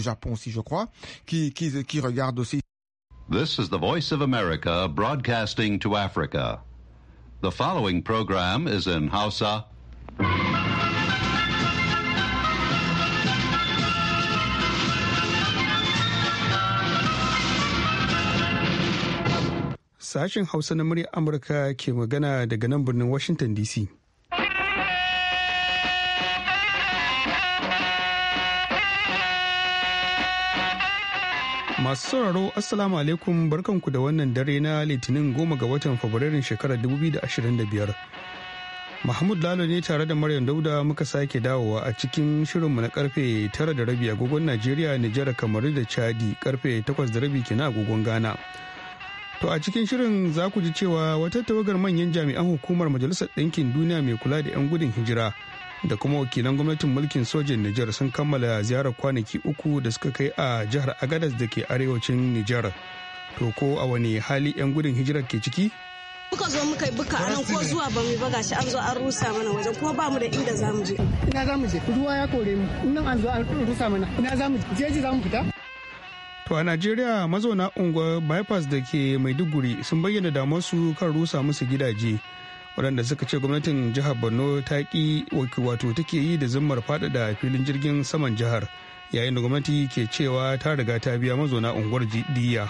Japon aussi, je crois, qui, qui, qui regarde aussi. This is the Voice of America broadcasting to Africa. The following program is in Hausa. Sashen Hausa na murya Amurka ke magana daga nan birnin Washington DC. Masu sauraro Assalamu alaikum barkanku da wannan dare na Litinin goma ga watan Fabrairun shekarar 2025. Mahmud Lalo ne tare da Maryam Dauda muka sake dawowa a cikin shirinmu na karfe 9:30 agogon Najeriya, Nijar, kamar da Chadi karfe 8:30 kina rabi agogon Ghana. To a cikin shirin za ku ji cewa wata tawagar manyan jami'an hukumar Majalisar Ɗinkin Duniya mai kula da 'yan gudun hijira. da kuma wakilan gwamnatin mulkin sojin Nijar sun kammala ziyarar kwanaki uku da suka kai a jihar Agadez da ke arewacin Nijar. To ko a wani hali 'yan gudun hijirar ke ciki? Muka zo muka yi buka nan ko zuwa ba mu ba gashi an zo an rusa mana wajen kuma ba mu da inda za mu je. Ina za mu je ruwa ya kore mu nan an zo an rusa mana ina za mu je jeji za mu fita. To a Najeriya mazauna unguwar bypass da ke Maiduguri sun bayyana su kan rusa musu gidaje. waɗanda suka ce gwamnatin jihar borno ta ƙi wato take yi da zimmar faɗaɗa filin jirgin saman jihar yayin da gwamnati ke cewa ta riga ta biya mazauna unguwar jidiya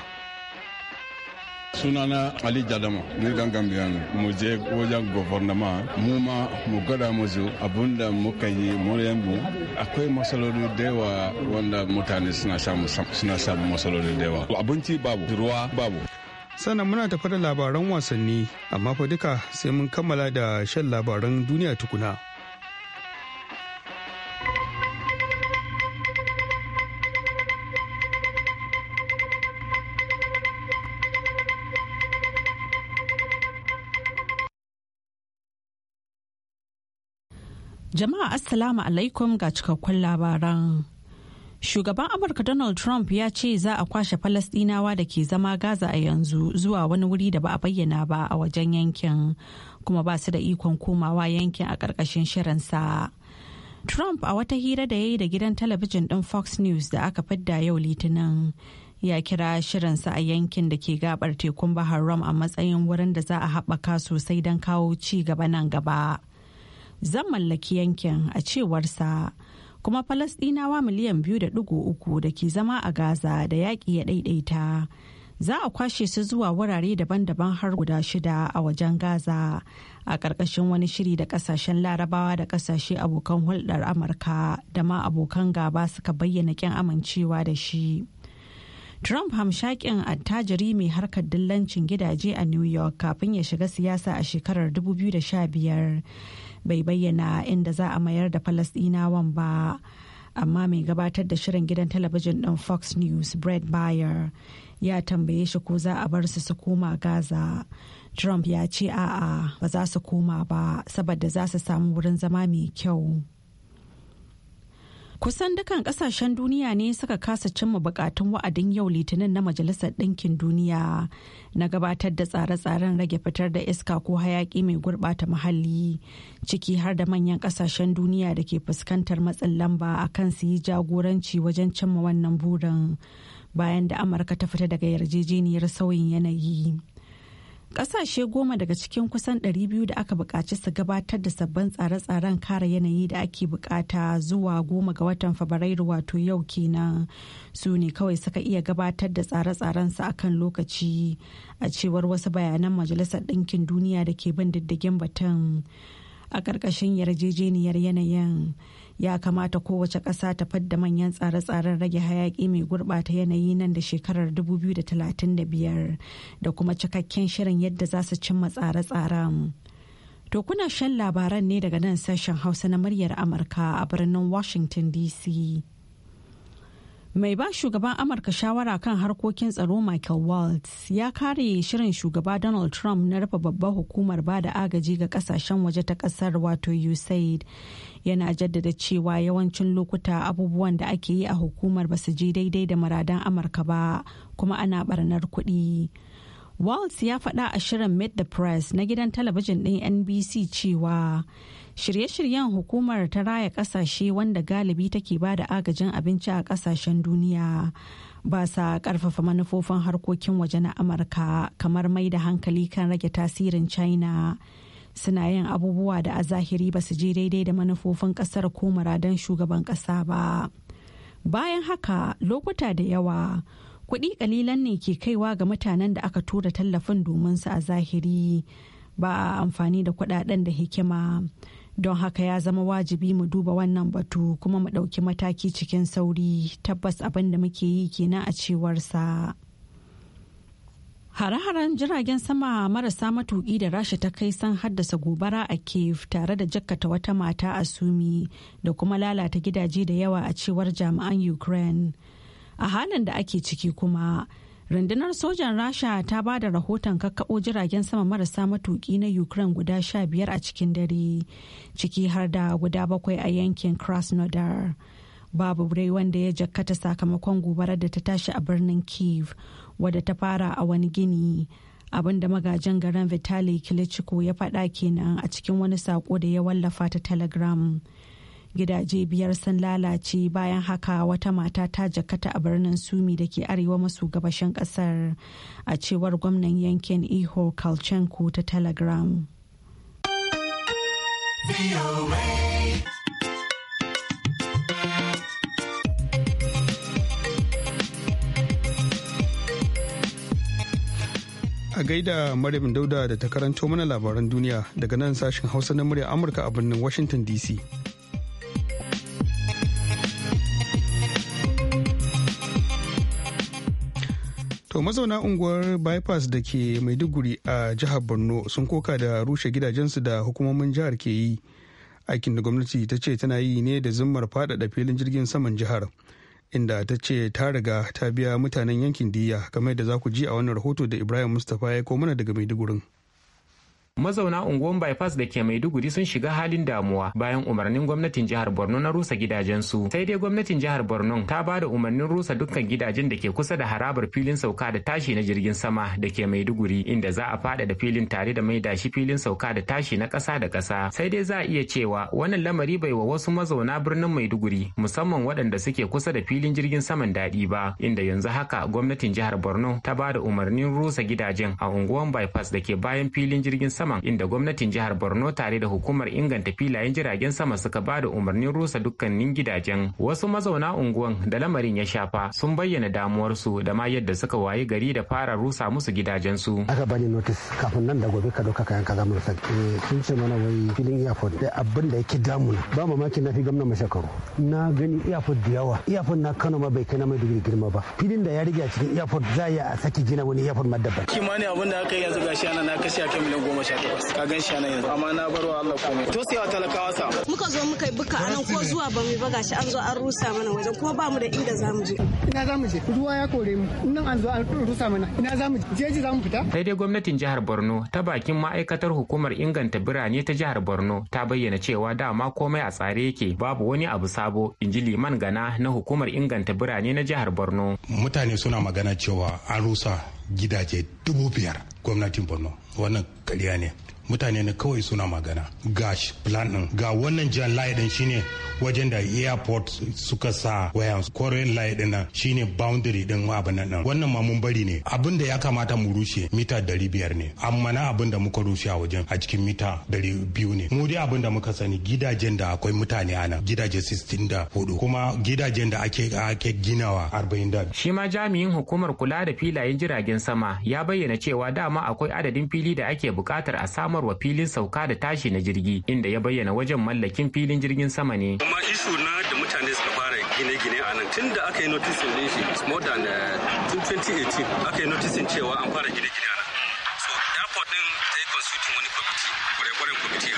sunana ali jadama ni dan gambiya ne mu je wajen gwamnama mu ma mu gwada musu mu muka yi moriyan mu akwai matsaloli da yawa wanda mutane suna samu suna masaloli da yawa abinci babu ruwa babu sannan muna tafi da labaran wasanni amma fa duka sai mun kammala da shan labaran duniya tukuna. Jama'a Assalamu alaikum ga cikakkun labaran. Shugaban Amurka Donald Trump ya ce za a kwashe Falasɗinawa da ke zama Gaza a yanzu zuwa wani wuri da ba a bayyana ba a wajen yankin kuma ba su da ikon komawa yankin a ƙarƙashin shirinsa. Trump a wata hira da ya yi da gidan talabijin ɗin Fox News da aka fidda yau Litinin ya kira shirinsa a yankin da ke gabar tekun Bahar Rum a matsayin wurin da za a haɓaka sosai don kawo ci gaba nan gaba. Zan mallaki yankin a cewarsa. kuma Falastinawa miliyan biyu da ɗigo uku da ke zama a Gaza da yaƙi ya ɗaiɗaita. Za a kwashe su zuwa wurare daban-daban har guda shida a wajen Gaza a ƙarƙashin wani shiri da ƙasashen larabawa da ƙasashe abokan hulɗar Amurka da ma abokan gaba suka bayyana ƙin amincewa da shi. Trump hamshakin attajiri mai harkar dillancin gidaje a New York kafin ya shiga siyasa a shekarar 2015 bai bayyana inda za a mayar da falasdinawan ba amma mai gabatar da shirin gidan talabijin ɗin fox news Brad bayer ya tambaye shi ko za a bar su su koma gaza trump ya ce a'a ba za su koma ba saboda za su samu wurin zama mai kyau Kusan dukan kasashen duniya ne suka kasa cimma bukatun wa'adin yau litinin na Majalisar Ɗinkin Duniya na gabatar da tsare-tsaren rage fitar da iska ko hayaƙi mai gurɓata muhalli ciki har da manyan kasashen duniya da ke fuskantar matsin lamba a kan su yi jagoranci wajen cimma wannan burin bayan da Amurka ta fita daga yarjejeniyar sauyin yanayi. Ƙasashe goma daga cikin kusan 200 da aka buƙaci su gabatar da sabbin tsare-tsaren kare yanayi da ake buƙata zuwa goma ga watan Fabrairu wato yau kenan su ne kawai suka iya gabatar da tsare-tsaren su akan lokaci a cewar wasu bayanan Majalisar Ɗinkin Duniya da ke bin diddigin batun a ƙarƙashin yarjejeniyar yanayin. ya kamata kowace ƙasa ta fadda manyan tsare-tsaren rage hayaƙi mai gurɓata yanayi nan da shekarar 2035 da kuma cikakken shirin yadda za su cimma tsare-tsaren. To kuna shan labaran ne daga nan sashen Hausa na muryar Amurka a birnin Washington DC. mai ba shugaban amurka shawara kan harkokin tsaro michael waltz ya kare shirin shugaba donald trump na rufe babbar hukumar ba da agaji ga kasashen waje ta kasar wato usaid yana jaddada cewa yawancin lokuta abubuwan da ake yi a hukumar ba su je daidai da muradan amurka ba kuma ana barnar kuɗi waltz ya faɗa a shirin meet the press na gidan talabijin ɗin nbc cewa Shirye-shiryen hukumar ta raya kasashe wanda galibi take ba da agajin abinci a kasashen duniya ba sa karfafa manufofin harkokin waje na Amurka kamar mai da hankali kan rage tasirin China. Suna yin abubuwa da a zahiri ba su je daidai da manufofin kasar ko muradan shugaban kasa ba. Bayan haka lokuta da yawa. kuɗi kalilan ne ke kaiwa ga mutanen da aka tura tallafin domin su a zahiri ba a amfani da kuɗaɗen da hikima don haka ya zama wajibi mu duba wannan batu kuma mu ɗauki mataki cikin sauri tabbas abin da muke yi kenan a cewarsa hare-haren jiragen sama marasa matuƙi da rasha ta kai san haddasa gobara a kiev tare da jakkata wata mata a sumi da kuma lalata gidaje da yawa a cewar jami'an ukraine a halin da ake ciki kuma rundunar sojan rasha ta ba da rahoton kakkaɓo jiragen sama marasa matuki na ukraine guda sha biyar a cikin dare ciki har da guda bakwai a yankin krasnodar babu rai wanda ya jakkata sakamakon gobarar da ta tashi a birnin kiev wadda ta fara a wani gini abinda magajin garin vitali kilichiko ya faɗa kenan a cikin wani sako da ya wallafa ta telegram gidaje biyar sun lalace bayan haka wata mata ta jakata a birnin sumi da ke arewa masu gabashin kasar a cewar gwamnan yankin iho kalchenko ta telegram a gaida Maryam Dauda da ta karanto mana labaran duniya daga nan sashen Hausa na murya Amurka a birnin Washington DC. To mazauna unguwar bypass da ke Maiduguri a jihar Borno sun koka da rushe gidajensu da hukumomin jihar ke yi. Aikin da gwamnati ta ce tana yi ne da zimmar faɗaɗa filin jirgin saman jihar. Inda ta ce ta riga ta biya mutanen yankin diya kamar da za ku ji a wannan rahoto da Ibrahim Mustapha ya komuna daga Maidugurin. mazauna unguwar bypass da ke maiduguri sun shiga halin damuwa bayan umarnin gwamnatin jihar borno na rusa gidajensu sai dai gwamnatin jihar borno ta ba da umarnin rusa dukkan gidajen da ke kusa da harabar filin sauka da tashi na jirgin sama da ke maiduguri inda za a fada da filin tare da mai shi filin sauka da tashi na ƙasa da kasa. sai dai za a iya cewa wannan lamari bai wa wasu mazauna birnin maiduguri musamman waɗanda suke kusa da filin jirgin saman daɗi ba inda yanzu haka gwamnatin jihar borno ta ba da umarnin rusa gidajen a unguwar bypass da ke bayan filin jirgin sama musamman inda gwamnatin jihar Borno tare da hukumar inganta filayen jiragen sama suka ba da umarnin rusa dukkanin gidajen. Wasu mazauna unguwan da lamarin ya shafa sun bayyana damuwarsu da ma yadda suka waye gari da fara rusa musu gidajensu. Aka bani notice kafin nan da gobe ka doka kayan ka zamu rusa. Eh, sun ce mana wai filin airport da abin da yake damuna ba mamaki na fi gwamna mai shekaru. Na gani airport da yawa airport na Kano ma bai kai na mai digiri girma ba. Filin da ya rige a cikin airport za a saki gina wani airport ma kima Kimani abin da aka yi yanzu gashi ana na kashe a kan miliyan goma sha takwas ka gan shi nan yanzu amma na barwa Allah komai to sai wa talakawa sa muka zo muka yi buka anan ko zuwa ba mu ba gashi an zo an rusa mana wajen kuma ba mu da inda za mu je ina za mu je ruwa ya kore mu nan an zo an rusa mana ina za mu je jeji za mu fita sai dai gwamnatin jihar Borno ta bakin ma'aikatar hukumar inganta birane ta jihar Borno ta bayyana cewa dama komai a tsare yake babu wani abu sabo inji liman gana na hukumar inganta birane na jihar Borno mutane suna magana cewa an rusa gidaje dubu biyar gwamnatin borno wannan karya ne mutane ne kawai suna magana ga plan din ga wannan jan layi din shine wajen da airport suka sa wayan koren layi din nan shine boundary din abin nan wannan ma mun bari ne abin da ya kamata mu rushe mita dari biyar ne amma na abin da muka rushe a wajen a cikin mita dari biyu ne mu dai abin da muka sani gidajen da akwai mutane ana gidaje 64 da hudu kuma gidajen da ake ake ginawa 40 shi ma jami'in hukumar kula da filayen jiragen sama ya bayyana cewa dama akwai adadin fili da ake bukatar a samar wa filin sauka da tashi na jirgi inda ya bayyana wajen mallakin filin jirgin sama ne. Kuma isu na da mutane suka fara gine-gine a nan tun da aka yi notisin din shi more than eh, tun 2018 aka yi notisin cewa an fara gine-gine a nan. So airport din ta yi constitution wani kwamiti, kwarekwaren kwamiti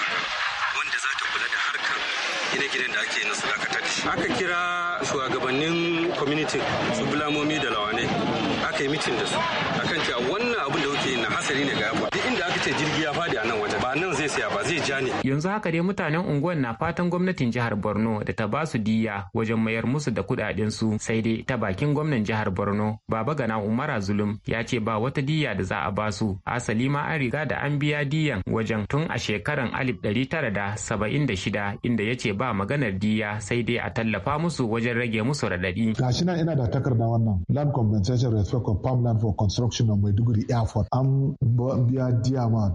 wanda za ta kula da harkar gine gine da ake na su dakatar da shi. Aka kira shugabannin community su bulamomi da lawane aka yi mitin da su akan cewa wannan abin da kuke na hasari ne ga yabo. Duk inda aka ce jirgi ya fadi it. yanzu haka dai mutanen unguwar na fatan gwamnatin jihar borno da ta basu diya wajen mayar musu da kudaden su sai dai ta bakin gwamnan jihar borno baba gana umara zulum ya ce ba wata diya da za a basu asali ma an riga da an biya diyan wajen tun a shekaran 1976 inda ya ce ba maganar diya sai dai a tallafa musu wajen rage musu radadi gashi na ina da takarda wannan land compensation respect of Land for construction of maiduguri airport an biya diya ma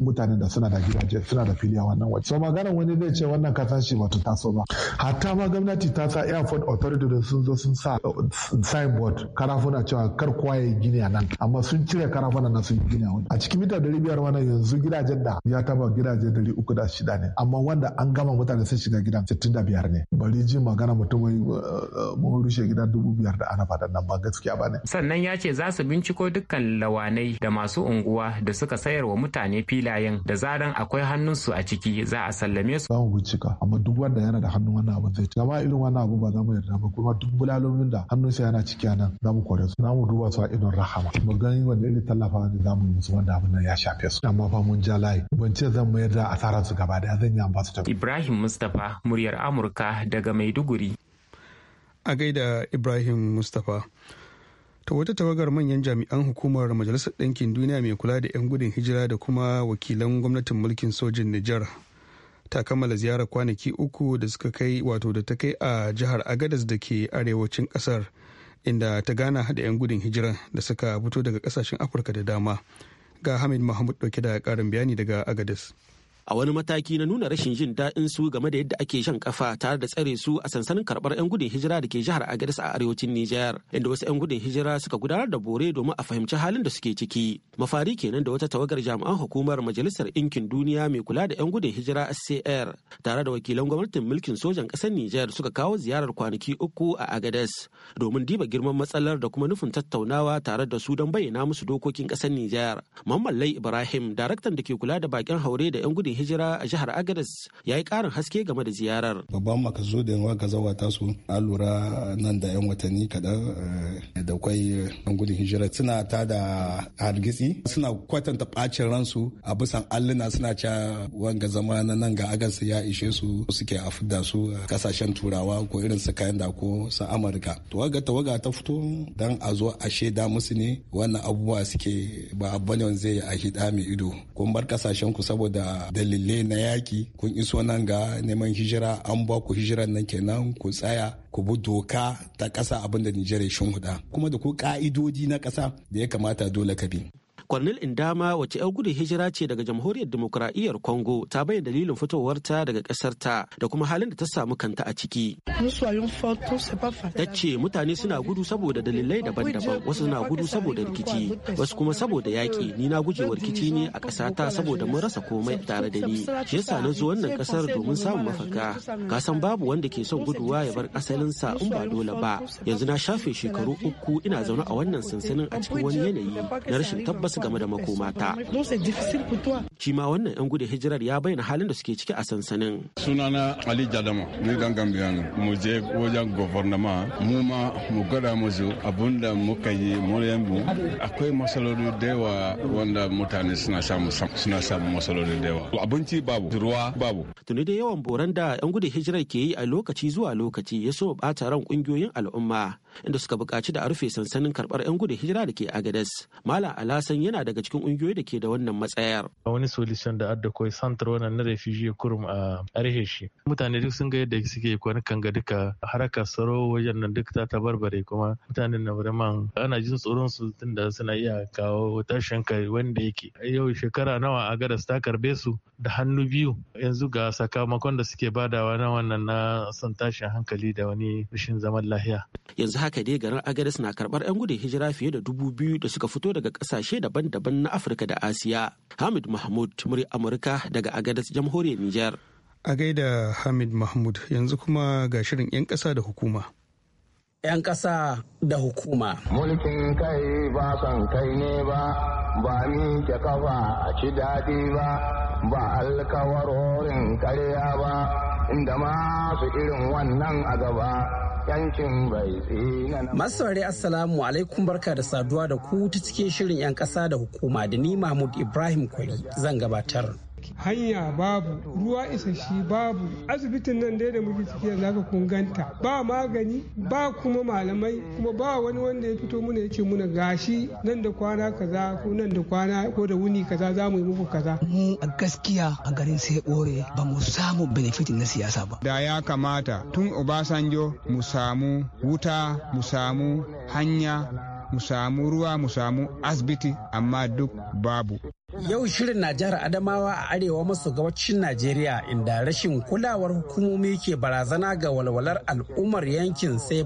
mutanen da suna da gidaje suna da filiya a nan waje so magana wani zai ce wannan kasan shi ta taso ba hatta ma gwamnati ta sa airport authority da sun zo sun sa signboard karafuna cewa kar kwaye gini a nan amma sun cire karafuna na sun gini a wani a cikin mita dari biyar wannan yanzu gidajen da ya taba gidajen dari uku da shida ne amma wanda an gama mutane sun shiga gidan sittin da biyar ne bari ji magana mutum uh, uh, mun rushe gidan dubu biyar da ana faɗa nan ba gaskiya ba ne. sannan ya ce za su binciko dukkan lawanai da masu unguwa da suka sayar wa mutane filayen da zaran akwai hannunsu a ciki ciki za a sallame su. Za mu bincika amma duk wanda yana da hannun wannan abu zai ci a irin wannan abu ba za mu yarda ba kuma duk bulalomin da hannun sa yana ciki nan za mu kore su za mu duba su a idon rahama mu gani wanda irin tallafa ne za mu musu wanda abin nan ya shafe su amma fa mun ja layi ban ce zan mayar da asarar su gaba daya zan yi su ta. Ibrahim Mustapha muryar Amurka daga Maiduguri. A gaida Ibrahim Mustapha. ta wata tawagar manyan jami'an hukumar majalisar ɗinkin duniya mai kula da 'yan gudun hijira da kuma wakilan gwamnatin mulkin sojin nijar ta kammala ziyarar kwanaki uku da suka kai wato da ta kai a jihar agadas da ke arewacin ƙasar inda ta gana da 'yan gudun hijira da suka fito daga ƙasashen afirka da dama ga hamid mahmud ɗauke da ƙarin bayani daga agadas a wani mataki na nuna rashin jin daɗin su game da yadda ake shan kafa tare da tsare su a sansanin karɓar 'yan gudun hijira da ke jihar Agadez a arewacin Nijar inda wasu 'yan gudun hijira suka gudanar da bore domin a fahimci halin da suke ciki. Mafari kenan da wata tawagar jami'an hukumar Majalisar Ɗinkin Duniya mai kula da 'yan gudun hijira SCR tare da wakilan gwamnatin mulkin sojan ƙasar Nijar suka kawo ziyarar kwanaki uku a Agadez domin diba girman matsalar da kuma nufin tattaunawa tare da su don bayyana musu dokokin ƙasar Nijar. Mamman Lai Ibrahim daraktan da ke kula da bakin haure da 'yan gudun hijira a jihar Agadez ya yi ƙarin haske game da ziyarar. Babban da makasudin wagazawa ta su an lura nan da 'yan watanni kaɗan eh, da kwai an gudun hijira suna ta da hargitsi suna kwatanta bacin ransu a bisan alluna suna ca wanga zama na nan ga Agadez ya ishe su suke a fidda su kasashen turawa ko irin su kayan da ko su Amurka. Tawaga tawaga ta fito dan a zo a shaida musu ne wannan abubuwa suke ba abu ne zai a hida mai ido. Kun bar kasashen ku saboda da dalilai na yaki kun iso nan ga neman hijira an ba ku hijiran nan kenan ku tsaya ku bi doka ta ƙasa abinda Nijar ya shimfiɗa kuma da ku ƙa'idodi na ƙasa da ya kamata dole ka bi. Kwanil Indama wace 'yar gudun hijira ce daga jamhuriyar demokuraɗiyyar Congo ta bayyana dalilin fitowarta daga ƙasar ta da kuma halin da ta samu kanta a ciki. Ta ce mutane suna gudu saboda dalilai daban-daban wasu suna gudu saboda rikici wasu kuma saboda yaƙi ni na gujewa rikici ne a ƙasata saboda mun rasa komai tare da ni shi yasa na zo wannan ƙasar domin samun mafaka ka san babu wanda ke son guduwa ya bar asalinsa in ba dole ba yanzu na shafe shekaru uku ina zaune a wannan sansanin a cikin wani yanayi na rashin tabbas su game da ta. Shi ma wannan 'yan gudun hijirar ya bayyana halin da suke ciki a sansanin. Sunana Ali Jadama, ni dan Gambiya ne. Mu je wajen gwamnama, mu ma mu gada musu abun da muka yi mu Akwai masaloli da yawa wanda mutane suna samu suna samu masalolin da yawa. Abinci babu, ruwa babu. Tuni da yawan boran da 'yan gudun hijirar ke yi a lokaci zuwa lokaci ya so bata ran ƙungiyoyin al'umma inda suka buƙaci da a rufe sansanin karɓar 'yan gudun hijira da ke Agadez. Malam Alasan yana daga cikin ƙungiyoyi da ke da wannan matsayar. Wani solution da adda koi wannan na refugee kurum a arhe shi. Mutane duk sun ga yadda suke kwanukan ga duka haraka tsaro wajen nan duk ta tabarbare kuma mutanen na vraiment ana jin tsoron su tunda suna iya kawo tashin kai wanda yake. Yau shekara nawa a su ta karbe su da hannu biyu yanzu ga sakamakon da suke badawa na wannan na son tashin hankali da wani rashin zaman lahiya. Yanzu haka dai garin Agadas na karbar 'yan gudun hijira fiye da dubu biyu da suka fito daga ƙasashe da daban-daban na Afirka da Asiya. Hamid Mahmud, murya Amurka daga Agadas, Jamhuriyar Nijar. A gaida Hamid Mahmud yanzu kuma ga shirin 'yan ƙasa da hukuma. 'Yan ƙasa da hukuma. Mulkin kai ba san kai ne ba, ba ni ke kafa a ci daɗi ba, ba alkawarorin karya ba, inda masu irin wannan a gaba. yankin bai assalamu alaikum barka da saduwa da ku ta cikin shirin 'yan ƙasa da hukuma da ni mahmud ibrahim kwari zan gabatar hanya babu ruwa shi babu asibitin nan dai da muke ciki yanzu haka kun ganta ba magani ba kuma malamai kuma ba wani wanda ya fito muna yace muna gashi nan da kwana kaza ko nan da kwana ko da wuni kaza za mu yi muku kaza mu a gaskiya a garin sai bore ba mu samu benefit na siyasa ba da ya kamata tun obasanjo mu samu wuta mu samu hanya mu samu ruwa mu samu asibiti amma duk babu Yau shirin na jihar Adamawa a arewa maso gabacin Najeriya inda rashin kulawar hukumomi ke barazana ga walwalar al'ummar yankin sai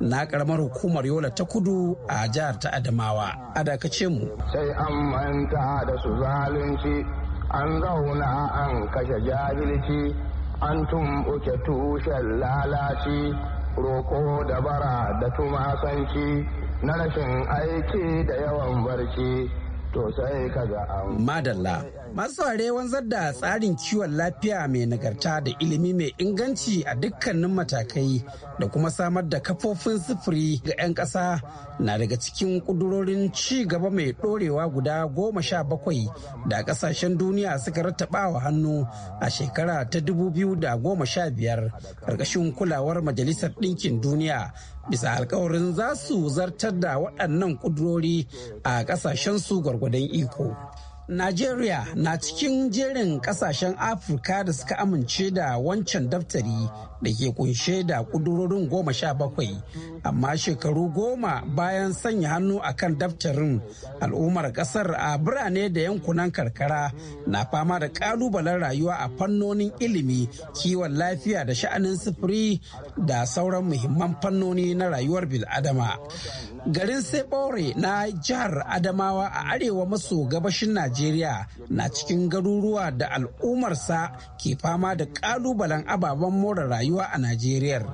na karamar hukumar Yola ta kudu a jihar ta Adamawa. A dakace mu. Sai an manta da su zalunci, an zauna an kashe jahilci, an tumɓuke tushen lalaci, roko da bara da tumasanci, na rashin aiki da yawan barci. to ka ga madalla masu saurare wanzar da tsarin kiwon lafiya mai nagarta da ilimi mai inganci a dukkanin matakai da kuma samar da kafofin sufuri ga 'yan ƙasa na daga cikin ƙudurorin ci gaba mai ɗorewa guda goma sha bakwai da ƙasashen duniya suka rattabawa hannu a shekara ta dubu biyu da goma sha biyar ƙarƙashin kulawar majalisar ɗinkin duniya bisa alkawarin za su zartar da waɗannan ƙudurori a su gwargwadon iko. Najeriya na cikin jerin kasashen Afirka da suka amince da wancan daftari da ke kunshe da kudurorin goma sha bakwai amma shekaru goma bayan sanya hannu a kan daftarin al'ummar kasar a birane da yankunan karkara na fama da kalubalen rayuwa a fannonin ilimi kiwon lafiya da sha'anin sufuri da sauran muhimman fannoni na rayuwar bil'adama garin sebore na jihar adamawa a arewa maso gabashin najeriya na cikin garuruwa da al'ummarsa ke fama da kalubalen ababen more rayuwa rayuwa a Najeriya.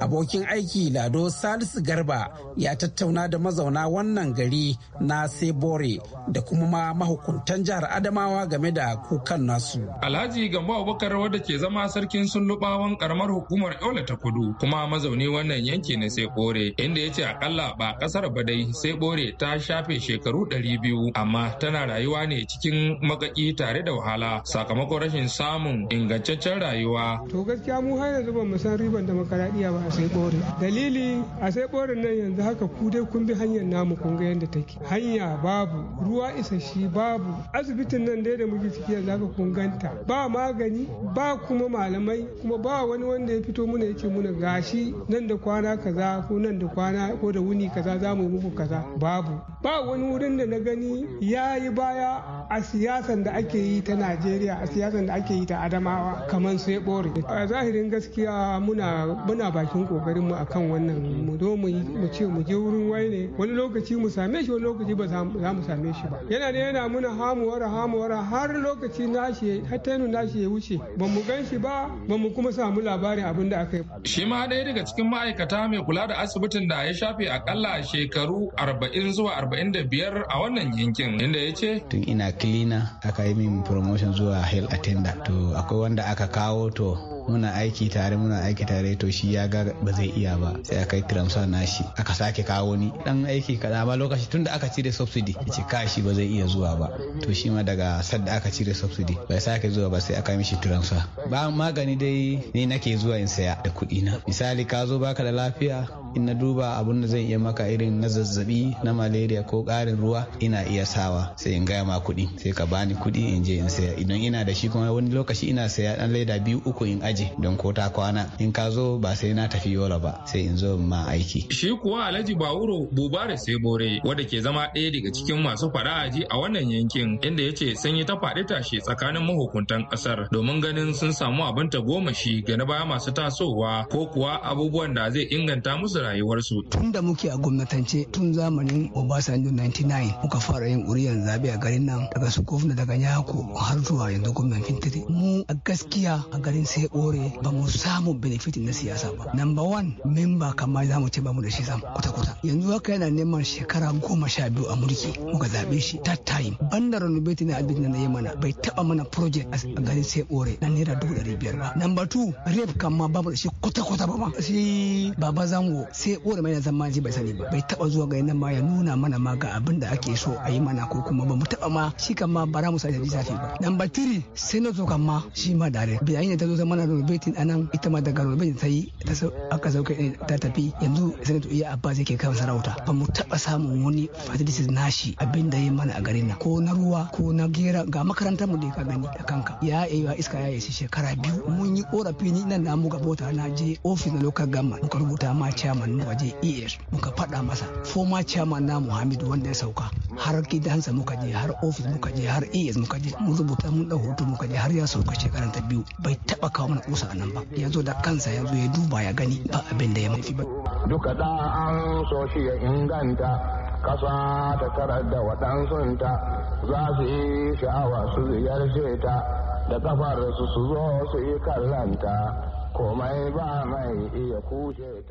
Abokin aiki Lado Salisu Garba ya tattauna da mazauna wannan gari na Sebore da kuma mahukuntan jihar Adamawa game da kukan nasu. Alhaji Gambo Abubakar wadda ke zama sarkin sunlubawan karamar hukumar Yola ta Kudu kuma mazauni wannan yanki na Sebore inda yace ce akalla ba kasar ba dai Sebore ta shafe shekaru ɗari amma tana rayuwa ne cikin makaki tare da wahala sakamakon rashin samun ingantaccen rayuwa. To gaskiya mu har yanzu ba mu san riban demokaradiyya ba a sai borin dalili a sai borin nan yanzu haka ku dai kun bi hanyar namu kun ga yadda take hanya babu ruwa isasshe babu asibitin nan dai da muke ciki yanzu haka kun ganta ba magani ba kuma malamai kuma ba wani wanda ya fito muna yake muna gashi nan da kwana kaza ko nan da kwana ko da wuni kaza za mu yi muku kaza babu ba wani wurin da na gani ya yi baya a siyasan da ake yi ta najeriya a siyasan da ake yi ta adamawa kamar sai bore a zahirin gaskiya gaskiya muna muna bakin kokarin mu akan wannan mu zo mu ce mu je wurin wai ne wani lokaci mu same shi wani lokaci ba za mu same shi ba yana ne yana muna hamuwara hamuwara har lokaci nashi har nashi ya wuce ba mu gan shi ba ba mu kuma samu labarin abin da aka yi shi ma ɗaya daga cikin ma'aikata mai kula da asibitin da ya shafe akalla shekaru arba'in zuwa biyar a wannan yankin inda ya ce tun ina kilina aka yi min promotion zuwa health attendant to akwai wanda aka kawo to muna aiki tare muna aiki tare to shi ya ga ba zai iya ba sai aka yi transfer nashi aka sake kawo ni dan aiki kada ma lokaci tun da aka cire subsidy ce kashi ba zai iya zuwa ba to shi ma daga da aka cire subsidy bai sake zuwa ba sai aka mishi transfer ba magani dai ni nake zuwa in saya da kuɗi na misali ka zo baka da lafiya in na duba abun da zan iya maka irin na zazzabi na malaria ko ƙarin ruwa ina iya sawa sai in gaya ma kuɗi sai ka bani kuɗi in je in saya idan ina da shi kuma wani lokaci ina saya dan leda biyu uku in aji waje don ko ta kwana in ka zo ba sai na tafi yola ba sai in zo ma aiki. Shi kuwa Alhaji Bawuro Bubare Sebore wanda ke zama ɗaya daga cikin masu fara'aji a wannan yankin inda ya ce sun yi ta faɗi tashi tsakanin mahukuntan ƙasar domin ganin sun samu abin ta goma shi ga na baya masu tasowa ko kuwa abubuwan da zai inganta musu rayuwarsu. Tun da muke a gwamnatance tun zamanin Obasanjo 99 muka fara yin uriyan zabe a garin nan daga su daga Yako har zuwa yanzu gwamnatin Mu a gaskiya a garin sai kore ba mu samu benefit na siyasa ba number one memba kamar za mu ce ba mu da shi sam kwata kwata yanzu haka yana neman shekara goma sha biyu a mulki muka zaɓe shi that time banda ranubeti na abin na mana bai taɓa mana project a garin sai ore na naira dubu ɗari biyar ba number two rep kamar ba mu da shi kuta kuta ba ma shi baba mu sai ore mai na zama ji bai sani ba bai taɓa zuwa ga nan ma ya nuna mana ma ga abin da ake so a yi mana ko kuma ba mu taɓa ma shi kamar ba bara mu sa da zafi ba number three na zo kamar shi ma dare bayan ta zo na renovating a nan ita ma da renovating ta yi aka sauka ta tafi yanzu sanatu iya abba zai ke kan sarauta ba mu taɓa samun wani facilities nashi abin da ya mana a garin nan ko na ruwa ko na gera ga makarantar mu da ka gani da kanka ya yi wa iska ya yi shekara biyu mun yi korafi ni nan na ga bota na je ofis na local government muka rubuta ma chairman waje ES muka faɗa masa foma chairman na Muhammadu wanda ya sauka har gidansa muka je har ofis muka je har ES muka je mun rubuta mun da hoto muka je har ya sauka shekaran ta biyu bai taɓa kawo kusa a nan ba ya zo da kansa ya zo ya duba ya gani ba abin da ya mafi ba duka da an so shi ya inganta kasa ta karar da waɗansunta za su yi sha'awa su ziyarce ta da kafar su su zo su yi kallanta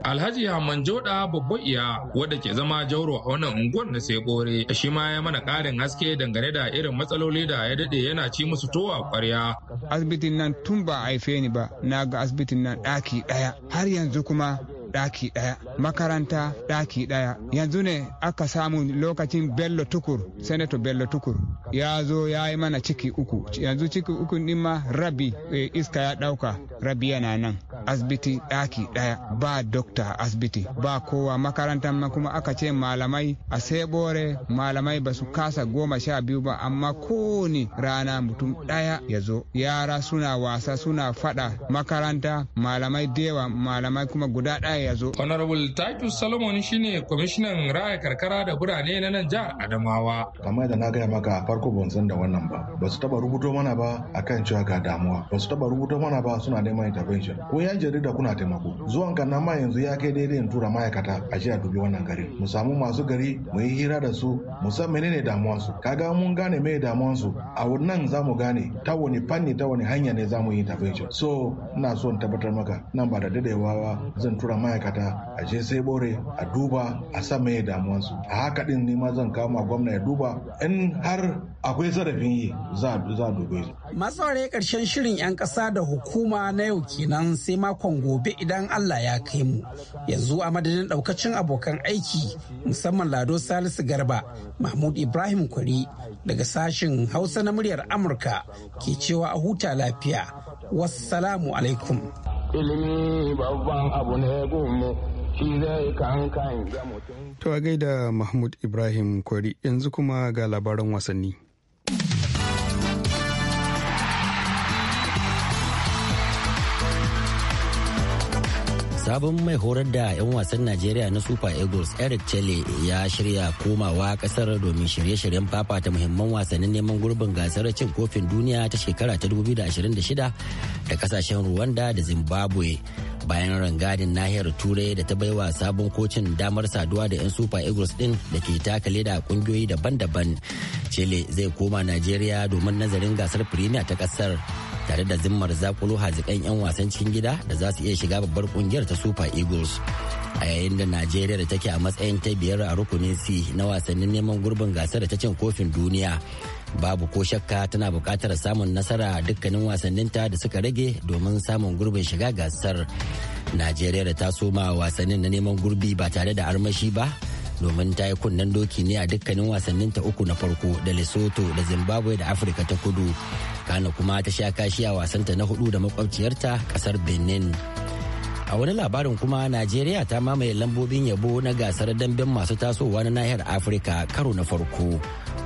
Alhaji Haman Joda babba iya wadda ke zama jauro a wannan unguwar na sai kore shi ma ya mana karin haske dangane da irin matsaloli da ya dade yana ci musu towa kwarya. Asibitin nan tun ba a haife ni ba na ga asibitin nan ɗaki ɗaya har yanzu kuma ɗaki ɗaya makaranta ɗaki ɗaya yanzu ne aka samu lokacin bello tukur seneto bello tukur ya zo ya yi mana ciki uku yanzu ciki uku ɗin ma rabi eh, iska ya ɗauka rabi yana nan asibiti daki daya ba dokta asibiti ba kowa makarantar ma kuma aka ce malamai a sebore malamai ba su kasa goma sha biyu ba amma kowane rana mutum daya ya zo yara suna wasa suna fada makaranta malamai dewa malamai kuma guda daya ya zo. honorable titus solomon shine kwamishinan raya karkara da birane na nan jihar adamawa. kamar da na gaya maka farko ban san da wannan ba ba su taɓa rubuto mana ba akan cewa ga damuwa ba su taɓa rubuto mana ba suna neman intervention ko ya jarida kuna taimako zuwan ka ma yanzu ya kai daidai in tura ma'aikata a jiya dubi wannan gari mu samu masu gari mu yi hira da su mu san menene su kaga mun gane me su a wannan za mu gane ta wani fanni ta wani hanya ne za mu yi intervention so ina so in tabbatar maka nan ba da dadewa ba zan tura ma'aikata a je sai bore a duba a san me su a haka din ni ma zan kama gwamna ya duba in har akwai zarafin yi za a dube masu Masu karshen shirin 'yan ƙasa da hukuma na yau kenan sai ma makon gobe idan Allah ya kai mu. Yanzu a madadin daukacin abokan aiki musamman Lado Salisu Garba, Mahmud Ibrahim Kwari daga sashen Hausa na muryar Amurka ke cewa a huta lafiya. Wassalamu alaikum. Ilimi babban abu ne mutum To a gaida Mahmud Ibrahim Kwari yanzu kuma ga labaran wasanni. sabon mai horar da 'yan wasan najeriya na super eagles eric chele ya shirya komawa kasar domin shirye-shiryen fafata muhimman wasannin neman gurbin gasar cin kofin duniya ta shekara ta 2026 da kasashen rwanda da zimbabwe bayan rangadin nahiyar turai da ta baiwa sabon kocin damar saduwa da 'yan super eagles din da ke takale da kungiyoyi daban-daban chile zai koma najeriya domin nazarin gasar ta kasar tare da zimmar zakulo hazikan 'yan wasan cikin gida da za su iya shiga babbar kungiyar ta super eagles a yayin da najeriya da take a matsayin ta biyar a rukunin c na wasannin neman gurbin gasar da ta cin kofin duniya babu ko shakka tana buƙatar samun nasara dukkanin wasanninta da suka rage domin samun gurbin shiga gasar najeriya da ta soma wasannin na neman gurbi ba tare da armashi ba domin ta yi kunnen doki ne a dukkanin ta uku na farko da lesotho da zimbabwe da afirka ta kudu kana kuma ta sha kashi a wasanta na hudu da makwabciyarta kasar benin a wani labarin kuma najeriya ta mamaye lambobin yabo na gasar damben masu tasowa na nahiyar afirka karo na farko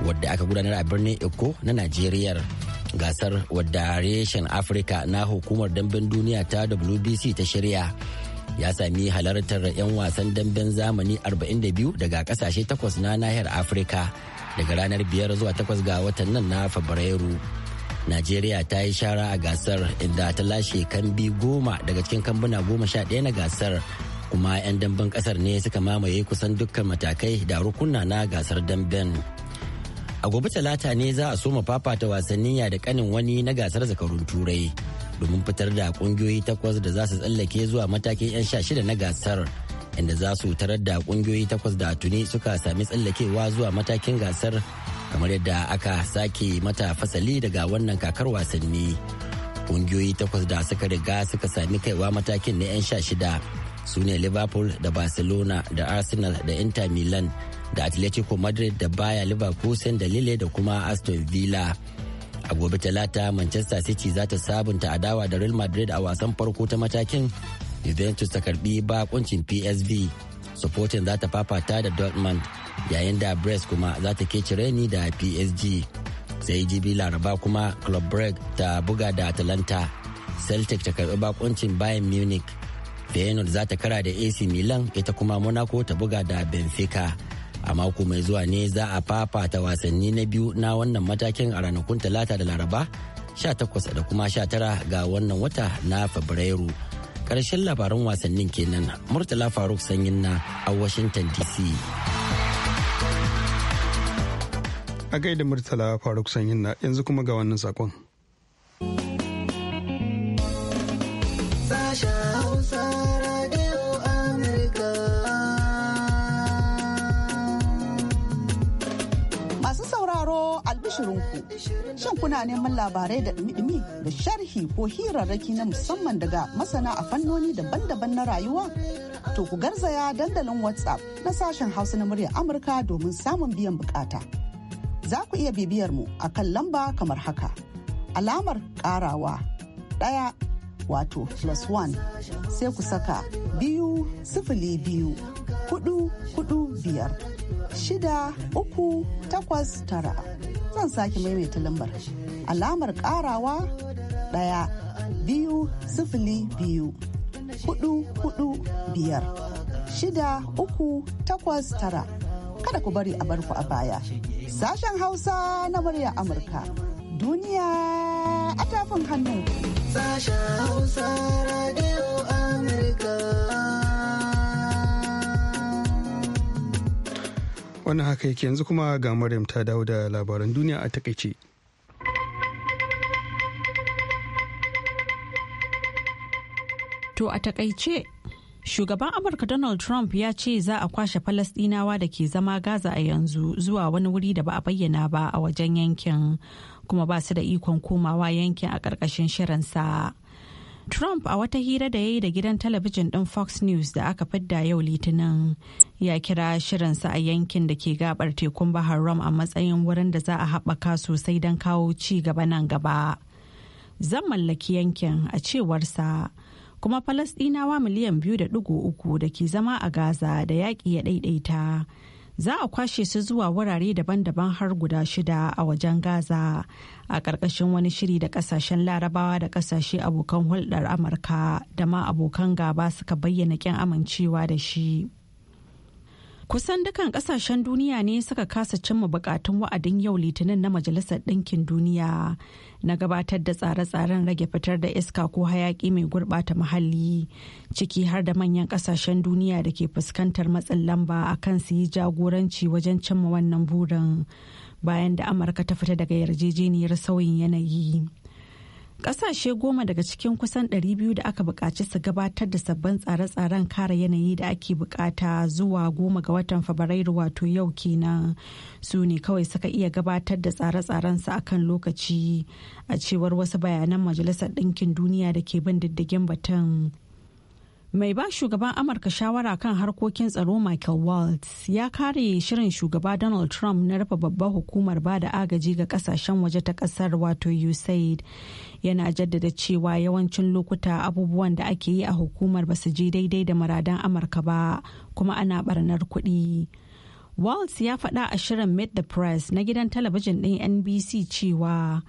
wadda aka gudanar a birnin eko na najeriya gasar wadda reshen afirka na hukumar damben duniya ta wbc ta shirya ya sami halartar 'yan wasan damben zamani 42 daga kasashe takwas na nahiyar afirka daga ranar 5 zuwa 8 ga watan nan na fabrairu najeriya ta yi shara a gasar inda ta lashe kambi goma daga cikin kambuna goma sha ɗaya na gasar kuma 'yan damben kasar ne suka mamaye kusan dukkan matakai da rukunna na gasar damben a gobe talata ne za a soma fafata wasanni ya da kanin wani na gasar zakarun turai domin fitar da kungiyoyi takwas da za su tsallake zuwa matakin 'yan sha shida na gasar inda za su tarar da kungiyoyi takwas da tuni suka sami tsallakewa zuwa matakin gasar kamar yadda aka sake mata fasali daga wannan kakar wasanni ƙungiyoyi takwas da suka riga suka sami kaiwa matakin na 'yan sha shida su ne liverpool da barcelona da arsenal da inter milan da atletico madrid da baya leverkusen da lille da kuma aston villa a gobe talata manchester city za ta sabunta adawa da real madrid a wasan farko ta matakin juventus ta karbi bakuncin psv supporting za ta fafata da dortmund yayin da brest kuma za ta cire ni da psg sai jibi laraba kuma club Brugge ta buga da atalanta celtic ta karbi bakuncin bayan munich feyenoord za ta kara da ac milan ita kuma monaco ta buga da benfica a mako mai zuwa ne za a fafata wasanni na biyu na wannan matakin a ranakun talata da laraba sha takwas da kuma sha tara ga wannan wata na fabrairu karshen labaran wasannin kenan murtala faruk sanyin na a washington dc A gaida Murtala Faruk Sanyin na yanzu kuma ga wannan sakon. Masu sauraro albishirinku, shin kuna neman labarai da ɗumi da sharhi ko hirarraki na musamman daga masana a fannoni daban-daban na rayuwa? To ku garzaya dandalin WhatsApp na sashen Hausa na murya Amurka domin samun biyan bukata. za ku iya bibiyar mu a kan lamba kamar haka. Alamar karawa ɗaya wato plus one sai ku saka biyu sifili biyu hudu hudu biyar shida uku takwas tara zan sake maimaita lambar alamar karawa ɗaya biyu sifili biyu hudu hudu biyar shida uku takwas tara kada ku bari a barku a baya. Sashen Hausa na murya Amurka. Duniya a tafin hannu. Sashen Hausa Radio Amurka. wannan haka yake yanzu kuma ga Maryam ta dawo da labaran duniya a takaice. To a takaice Shugaban Amurka Donald Trump ya ce za a kwashe Falasɗinawa da ke zama Gaza a yanzu zuwa wani wuri da ba a bayyana ba a wajen yankin kuma ba su da ikon komawa yankin a ƙarƙashin shirinsa. Trump a wata hira da ya yi da gidan talabijin ɗin Fox News da aka fidda yau Litinin ya kira shirinsa a yankin da ke gabar tekun Bahar Rum a matsayin wurin da za a haɓaka sosai don kawo ci gaba nan gaba. Zan mallaki yankin a cewarsa. kuma falasdinawa miliyan biyu da uku da ke zama a gaza da yaƙi ya ɗaiɗaita za a kwashe su zuwa wurare daban-daban har guda shida a wajen gaza a ƙarƙashin wani shiri da ƙasashen larabawa da ƙasashe abokan hulɗar amurka da ma abokan gaba suka bayyana ƙin amincewa da shi Kusan dukan kasashen duniya ne suka kasa cimma bukatun wa'adin yau litinin na Majalisar Ɗinkin Duniya na gabatar da tsare-tsaren rage fitar da iska ko hayaki mai gurɓata muhalli ciki har da manyan kasashen duniya da ke fuskantar matsin lamba a kan su yi jagoranci wajen cimma wannan burin bayan da Amurka ta fita daga yarjejeniyar sauyin yanayi. Ƙasashe goma daga cikin kusan 200 da aka buƙaci su gabatar da sabbin tsare-tsaren kare yanayi da ake bukata zuwa goma ga watan Fabrairu wato yau kenan su ne kawai suka iya gabatar da tsare tsaren su akan lokaci a cewar wasu bayanan Majalisar Ɗinkin Duniya da ke bin diddigin batun. Mai ba shugaban Amurka shawara kan harkokin tsaro Michael Waltz ya kare shirin shugaba Donald Trump na rufe babbar hukumar ba da agaji ga kasashen waje ta kasar wato USAID. Yana jaddada cewa yawancin lokuta abubuwan da ake yi a hukumar ba su je daidai da maradan Amurka ba kuma ana barnar kuɗi. Waltz ya faɗa a shirin Meet the Press na gidan talabijin ɗin NBC cewa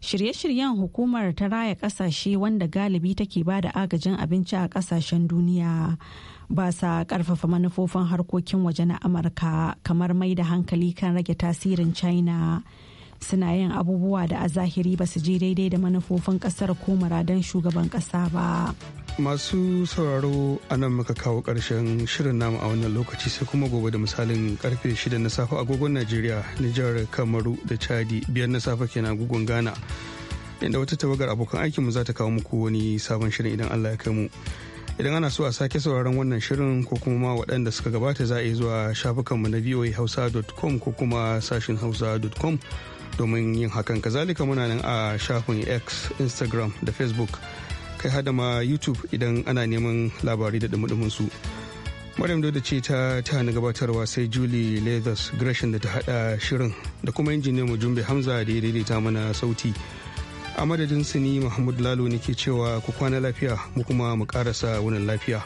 shirye-shiryen hukumar ta raya kasashe wanda galibi take ba da agajin abinci a kasashen duniya ba sa karfafa manufofin harkokin waje na amurka kamar mai da hankali kan rage tasirin china suna yin abubuwa da a zahiri ba su je daidai da manufofin kasar ko muradan shugaban kasa ba. Masu sauraro a nan muka kawo ƙarshen shirin namu a wannan lokaci sai kuma gobe da misalin karfe 6 na safe agogon Najeriya, Nijar, Kamaru da Chadi biyar na safe kenan agogon Ghana. Inda wata tawagar abokan aikinmu za ta kawo muku wani sabon shirin idan Allah ya kai mu. idan ana so a sake sauraron wannan shirin ko kuma ma waɗanda suka gabata za a yi zuwa shafukanmu na voahausa.com ko kuma sashin hausa.com domin yin hakan kazalika muna nan a shafin x instagram da facebook kai hada ma youtube idan ana neman labari da dumudumin su maryam da ce ta ta na gabatarwa sai julie leathers gresham da ta hada shirin da kuma injiniyan mu jumbe hamza da ya daidaita mana sauti a madadin su ni mahmud lalo ne ke cewa ku kwana lafiya mu kuma mu karasa wunin lafiya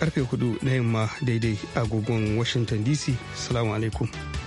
karfe hudu na yamma daidai agogon washington dc salamu alaikum